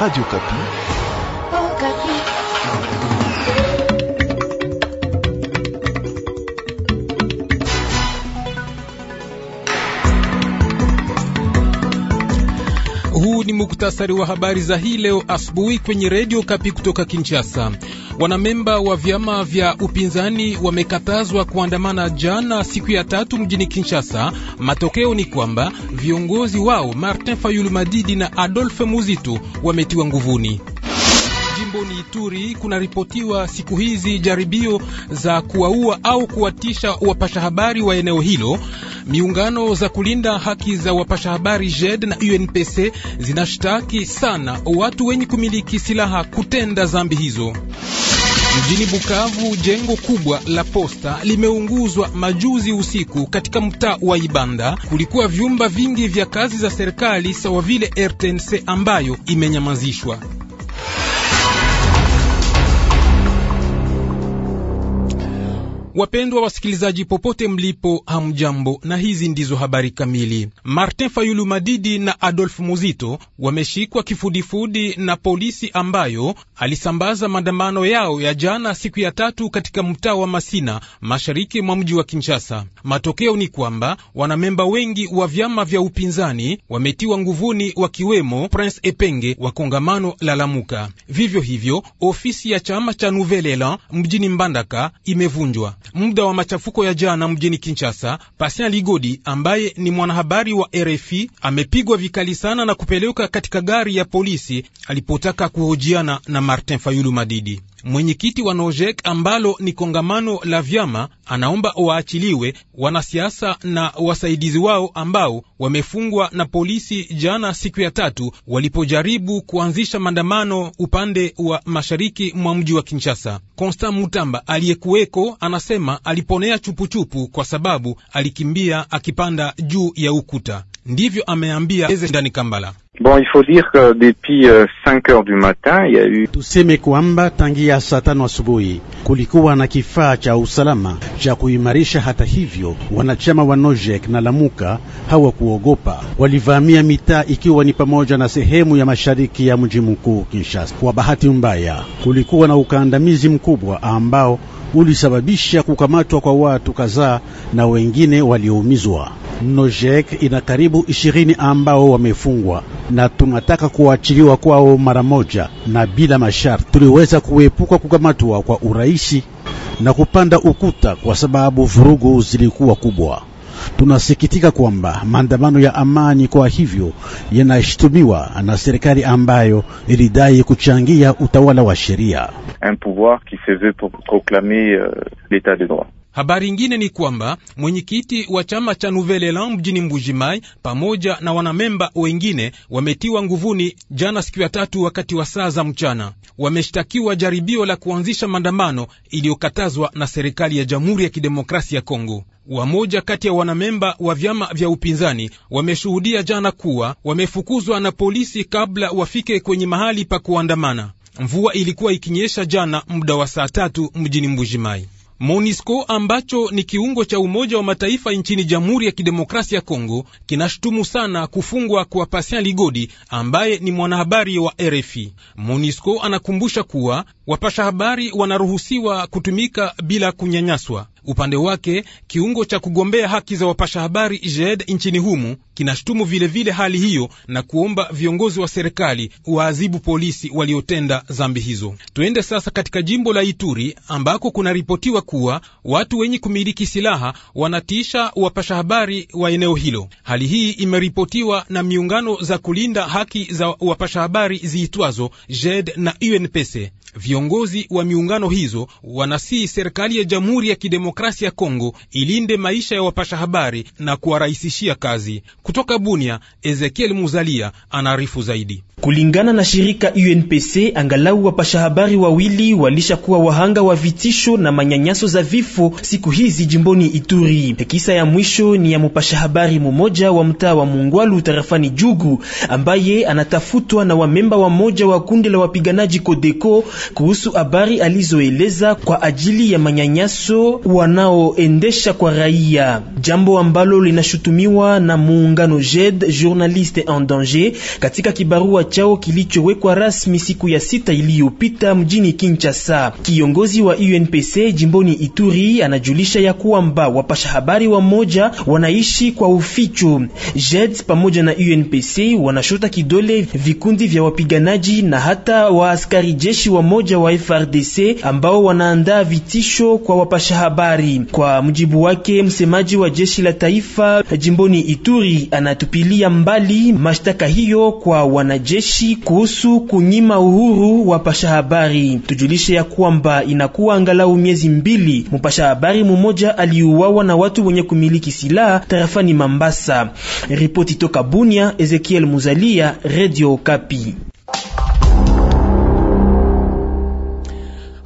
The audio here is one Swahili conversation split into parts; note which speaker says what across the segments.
Speaker 1: Radio Kapi. Oh, Kapi.
Speaker 2: Huu ni muktasari wa habari za hii leo asubuhi kwenye Radio Kapi kutoka Kinshasa. Wanamemba wa vyama vya upinzani wamekatazwa kuandamana jana siku ya tatu mjini Kinshasa. Matokeo ni kwamba viongozi wao Martin Fayulu Madidi na Adolphe Muzitu wametiwa nguvuni. Jimboni Ituri kunaripotiwa siku hizi jaribio za kuwaua au kuwatisha wapasha habari wa eneo hilo. Miungano za kulinda haki za wapasha habari JED na UNPC zinashtaki sana watu wenye kumiliki silaha kutenda dhambi hizo. Mjini Bukavu, jengo kubwa la posta limeunguzwa majuzi usiku katika mtaa wa Ibanda. Kulikuwa vyumba vingi vya kazi za serikali sawa vile RTNC ambayo imenyamazishwa. Wapendwa wasikilizaji, popote mlipo, hamjambo, na hizi ndizo habari kamili. Martin Fayulu Madidi na Adolf Muzito wameshikwa kifudifudi na polisi ambayo alisambaza maandamano yao ya jana siku ya tatu katika mtaa wa Masina, mashariki mwa mji wa Kinshasa. Matokeo ni kwamba wanamemba wengi wa vyama vya upinzani wametiwa nguvuni, wakiwemo Prince Epenge wa kongamano la Lamuka. Vivyo hivyo, ofisi ya chama cha Nouvel Elan mjini Mbandaka imevunjwa. Muda wa machafuko ya jana mjini Kinshasa, Pasien Ligodi ambaye ni mwanahabari wa RFI amepigwa vikali sana na kupelekwa katika gari ya polisi alipotaka kuhojiana na Martin Fayulu Madidi. Mwenyekiti wa Nojek ambalo ni kongamano la vyama anaomba waachiliwe wanasiasa na wasaidizi wao ambao wamefungwa na polisi jana siku ya tatu walipojaribu kuanzisha maandamano upande wa mashariki mwa mji wa Kinshasa. Constant Mutamba aliyekuweko anasema aliponea chupuchupu kwa sababu alikimbia akipanda juu ya ukuta. Ndivyo ameambia Ndani Kambala.
Speaker 3: Bon, il faut dire que depuis 5 euh, heures du matin, il y a eu tuseme kwamba tangia saa tano asubuhi kulikuwa na kifaa cha usalama cha kuimarisha. Hata hivyo, wanachama wa Nojek na Lamuka hawakuogopa, walivamia mitaa ikiwa ni pamoja na sehemu ya mashariki ya mji mkuu Kinshasa. Kwa bahati mbaya, kulikuwa na ukandamizi mkubwa ambao ulisababisha kukamatwa kwa watu kadhaa na wengine walioumizwa. Nojek ina karibu ishirini ambao wamefungwa na tunataka kuachiliwa kwao mara moja na bila masharti. Tuliweza kuepuka kukamatwa kwa uraishi na kupanda ukuta kwa sababu vurugu zilikuwa kubwa. Tunasikitika kwamba maandamano ya amani kwa hivyo yanashtumiwa na serikali ambayo ilidai kuchangia utawala wa sheria,
Speaker 2: un pouvoir qui se veut proclamer euh, l'état de droit Habari ingine ni kwamba mwenyekiti wa chama cha Nouvel Elan mjini Mbujimai pamoja na wanamemba wengine wametiwa nguvuni jana siku ya tatu wakati wa saa za mchana. Wameshtakiwa jaribio la kuanzisha maandamano iliyokatazwa na serikali ya Jamhuri ya Kidemokrasia ya Kongo. Wamoja kati ya wanamemba wa vyama vya upinzani wameshuhudia jana kuwa wamefukuzwa na polisi kabla wafike kwenye mahali pa kuandamana. Mvua ilikuwa ikinyesha jana muda wa saa tatu mjini Mbujimai monisco ambacho ni kiungo cha Umoja wa Mataifa nchini Jamhuri ya Kidemokrasia ya Kongo kinashutumu sana kufungwa kwa Patient Ligodi ambaye ni mwanahabari wa RFI. monisco anakumbusha kuwa Wapasha habari wanaruhusiwa kutumika bila kunyanyaswa. Upande wake kiungo cha kugombea haki za wapasha habari JED nchini humu kinashutumu vilevile hali hiyo na kuomba viongozi wa serikali waadhibu polisi waliotenda dhambi hizo. Tuende sasa katika jimbo la Ituri ambako kunaripotiwa kuwa watu wenye kumiliki silaha wanatiisha wapasha habari wa eneo hilo. Hali hii imeripotiwa na miungano za kulinda haki za wapasha habari ziitwazo JED na UNPC. Viongozi wa miungano hizo wanasii serikali ya Jamhuri ya Kidemokrasia ya Kongo ilinde maisha ya wapasha habari na kuwarahisishia kazi. Kutoka Bunia, Ezekiel Muzalia anaarifu zaidi.
Speaker 4: Kulingana na shirika UNPC, angalau wapasha habari wawili walishakuwa wahanga wa vitisho na manyanyaso za vifo siku hizi jimboni Ituri. Kisa ya mwisho ni ya mupasha habari mumoja wa mtaa wa Mungwalu tarafani Jugu ambaye anatafutwa na wamemba wa moja wa kundi la wapiganaji Kodeko kuhusu habari alizoeleza kwa ajili ya manyanyaso wanaoendesha kwa raia, jambo ambalo linashutumiwa na muungano JED Journaliste en Danger katika kibarua chao kilichowekwa rasmi siku ya sita iliyopita mjini Kinshasa. Kiongozi wa UNPC jimboni Ituri anajulisha ya kwamba wapasha habari wa moja wanaishi kwa uficho. JED pamoja na UNPC wanashota kidole vikundi vya wapiganaji na hata waaskari jeshi wa moja mmoja wa FRDC ambao wanaandaa vitisho kwa wapasha habari. Kwa mujibu wake, msemaji wa jeshi la taifa jimboni Ituri anatupilia mbali mashtaka hiyo kwa wanajeshi kuhusu kunyima uhuru wapasha habari. Tujulishe ya kwamba inakuwa angalau miezi mbili mpasha habari mmoja aliuawa na watu wenye kumiliki silaha tarafani Mambasa. Ripoti toka Bunia, Ezekiel Muzalia, Radio Kapi.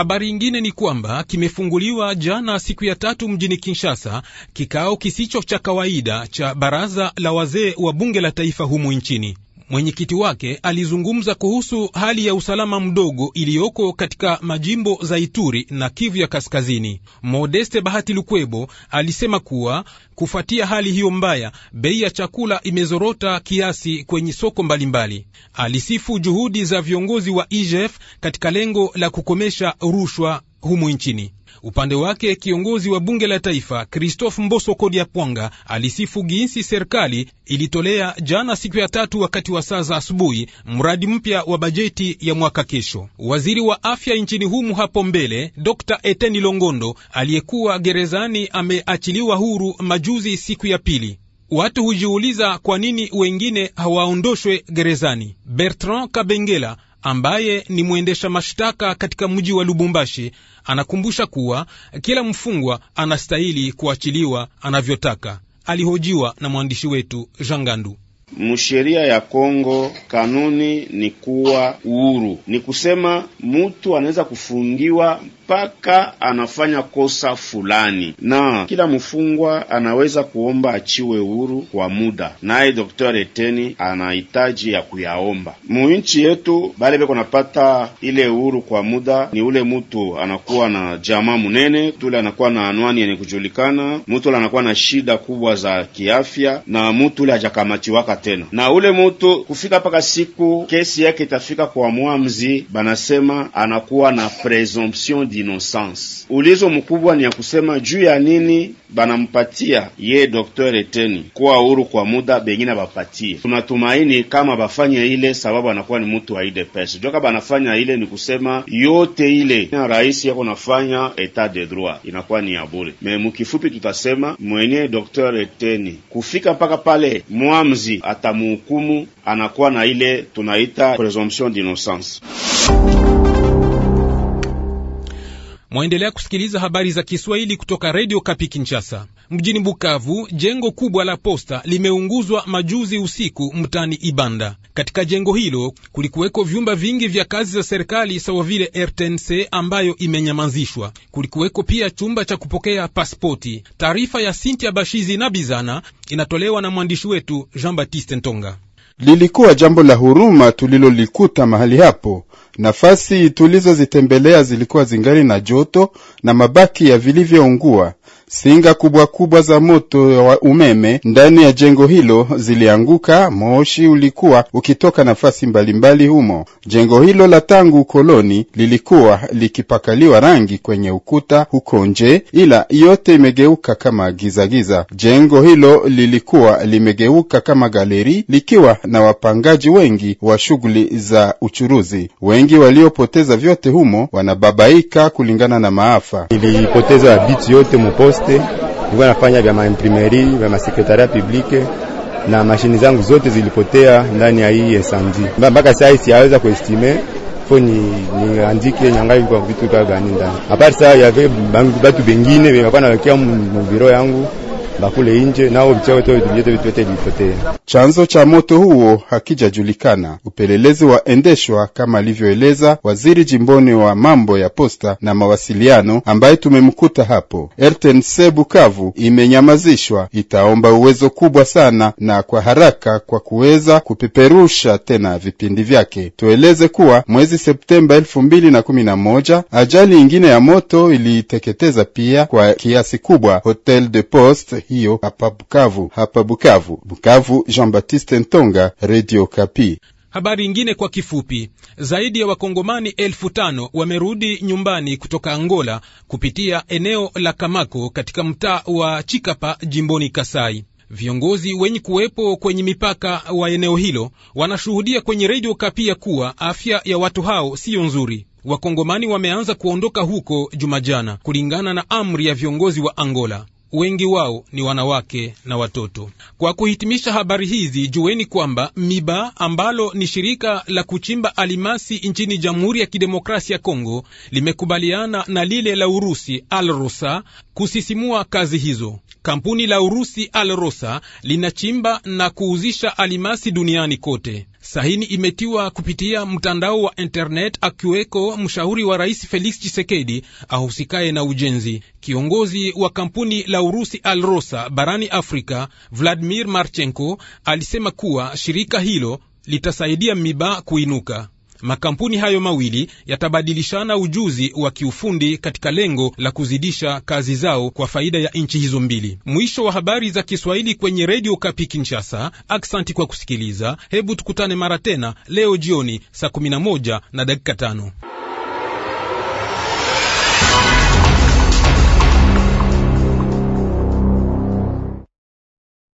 Speaker 2: Habari ingine ni kwamba kimefunguliwa jana siku ya tatu mjini Kinshasa kikao kisicho cha kawaida cha baraza la wazee wa bunge la taifa humu nchini. Mwenyekiti wake alizungumza kuhusu hali ya usalama mdogo iliyoko katika majimbo za Ituri na Kivu ya Kaskazini. Modeste Bahati Lukwebo alisema kuwa kufuatia hali hiyo mbaya, bei ya chakula imezorota kiasi kwenye soko mbalimbali. Alisifu juhudi za viongozi wa IGF katika lengo la kukomesha rushwa humu nchini. Upande wake kiongozi wa bunge la taifa Christophe Mboso Kodia Pwanga alisifu jinsi serikali ilitolea jana siku ya tatu wakati wa saa za asubuhi mradi mpya wa bajeti ya mwaka kesho. Waziri wa afya nchini humu hapo mbele Dr. Eteni Longondo aliyekuwa gerezani ameachiliwa huru majuzi siku ya pili. Watu hujiuliza kwa nini wengine hawaondoshwe gerezani. Bertrand Kabengela ambaye ni mwendesha mashtaka katika mji wa Lubumbashi anakumbusha kuwa kila mfungwa anastahili kuachiliwa anavyotaka. Alihojiwa na mwandishi wetu Jangandu
Speaker 3: msheria ya Kongo kanuni ni kuwa uhuru, ni kusema mutu anaweza kufungiwa mpaka anafanya kosa fulani, na kila mfungwa anaweza kuomba achiwe uhuru kwa muda, naye Dokter Eteni anahitaji ya kuyaomba. Muinchi yetu bale beko napata ile uhuru kwa muda ni ule mutu anakuwa na jamaa munene, tule anakuwa na anwani yenye kujulikana, mutu ule anakuwa na shida kubwa za kiafya, na mutu ule hajakamatiwaka tena, na ule mutu kufika paka siku kesi yake itafika kwa mwamzi, banasema anakuwa na presumption d'innocence. Ulizo mkubwa ni ya kusema juu ya nini banampatia ye Dokter Eteni kuwa huru kwa muda, bengine bapatie. Tunatumaini kama bafanye ile, sababu anakuwa ni mutu wa UDPS joka banafanya ile, ni kusema yote ile na rais yako nafanya etat de droit inakuwa ni ya bure. Me mukifupi tutasema mwenye Dokter Eteni kufika mpaka pale mwamzi atamuhukumu, anakuwa na ile tunaita presumption d'innocence.
Speaker 2: Mwaendelea kusikiliza habari za Kiswahili kutoka redio Kapi Kinshasa. Mjini Bukavu, jengo kubwa la posta limeunguzwa majuzi usiku mtani Ibanda. Katika jengo hilo kulikuweko vyumba vingi vya kazi za serikali sawa vile RTNC ambayo imenyamazishwa. Kulikuweko pia chumba cha kupokea pasipoti. Taarifa ya Sintia Bashizi na Bizana inatolewa na mwandishi wetu Jean Baptiste Ntonga.
Speaker 1: Lilikuwa jambo la huruma tulilolikuta mahali hapo. Nafasi tulizozitembelea zilikuwa zingali na joto na mabaki ya vilivyoungua. Singa kubwa kubwa za moto wa umeme ndani ya jengo hilo zilianguka. Moshi ulikuwa ukitoka nafasi mbalimbali humo. Jengo hilo la tangu ukoloni lilikuwa likipakaliwa rangi kwenye ukuta huko nje, ila yote imegeuka kama gizagiza. Jengo hilo lilikuwa limegeuka kama galeri, likiwa na wapangaji wengi wa shughuli za uchuruzi. Wengi waliopoteza vyote humo wanababaika kulingana na maafa. Ilipoteza vitu yote muposa universite, nilikuwa nafanya vya
Speaker 3: maimprimeri vya masekretaria publike na mashini zangu zote zilipotea ndani ya hii esamdi. Mpaka sasa siyaweza kuestime fo ni niandike nyangai kwa vitu kaa gani ndani. Apart saa yave batu bengine venakwa nawekia mubiro yangu na kule nje nao vitu.
Speaker 1: Chanzo cha moto huo hakijajulikana. Upelelezi waendeshwa kama alivyoeleza waziri jimboni wa mambo ya posta na mawasiliano, ambaye tumemkuta hapo. RTNC Bukavu imenyamazishwa, itaomba uwezo kubwa sana na kwa haraka kwa kuweza kupeperusha tena vipindi vyake. Tueleze kuwa mwezi Septemba elfu mbili na kumi na moja ajali ingine ya moto iliteketeza pia kwa kiasi kubwa Hotel de Poste hiyo hapa Bukavu. Hapa Bukavu, Bukavu, Jean Baptiste Ntonga, Radio Kapi.
Speaker 2: Habari ingine kwa kifupi, zaidi ya wakongomani elfu tano wamerudi nyumbani kutoka Angola kupitia eneo la Kamako katika mtaa wa Chikapa jimboni Kasai. Viongozi wenye kuwepo kwenye mipaka wa eneo hilo wanashuhudia kwenye redio Kapia kuwa afya ya watu hao siyo nzuri. Wakongomani wameanza kuondoka huko Jumajana kulingana na amri ya viongozi wa Angola wengi wao ni wanawake na watoto. Kwa kuhitimisha habari hizi, jueni kwamba MIBA ambalo ni shirika la kuchimba alimasi nchini Jamhuri ya Kidemokrasia ya Kongo limekubaliana na lile la Urusi Alrosa kusisimua kazi hizo. Kampuni la Urusi Alrosa linachimba na kuuzisha alimasi duniani kote. Sahini imetiwa kupitia mtandao wa internet, akiweko mshauri wa rais Felix Chisekedi ahusikaye na ujenzi. Kiongozi wa kampuni la Urusi Alrosa barani Afrika Vladimir Marchenko alisema kuwa shirika hilo litasaidia miba kuinuka. Makampuni hayo mawili yatabadilishana ujuzi wa kiufundi katika lengo la kuzidisha kazi zao kwa faida ya nchi hizo mbili. Mwisho wa habari za Kiswahili kwenye Redio Kapi Kinshasa. Aksanti kwa kusikiliza. Hebu tukutane mara tena leo jioni saa 11 na dakika tano.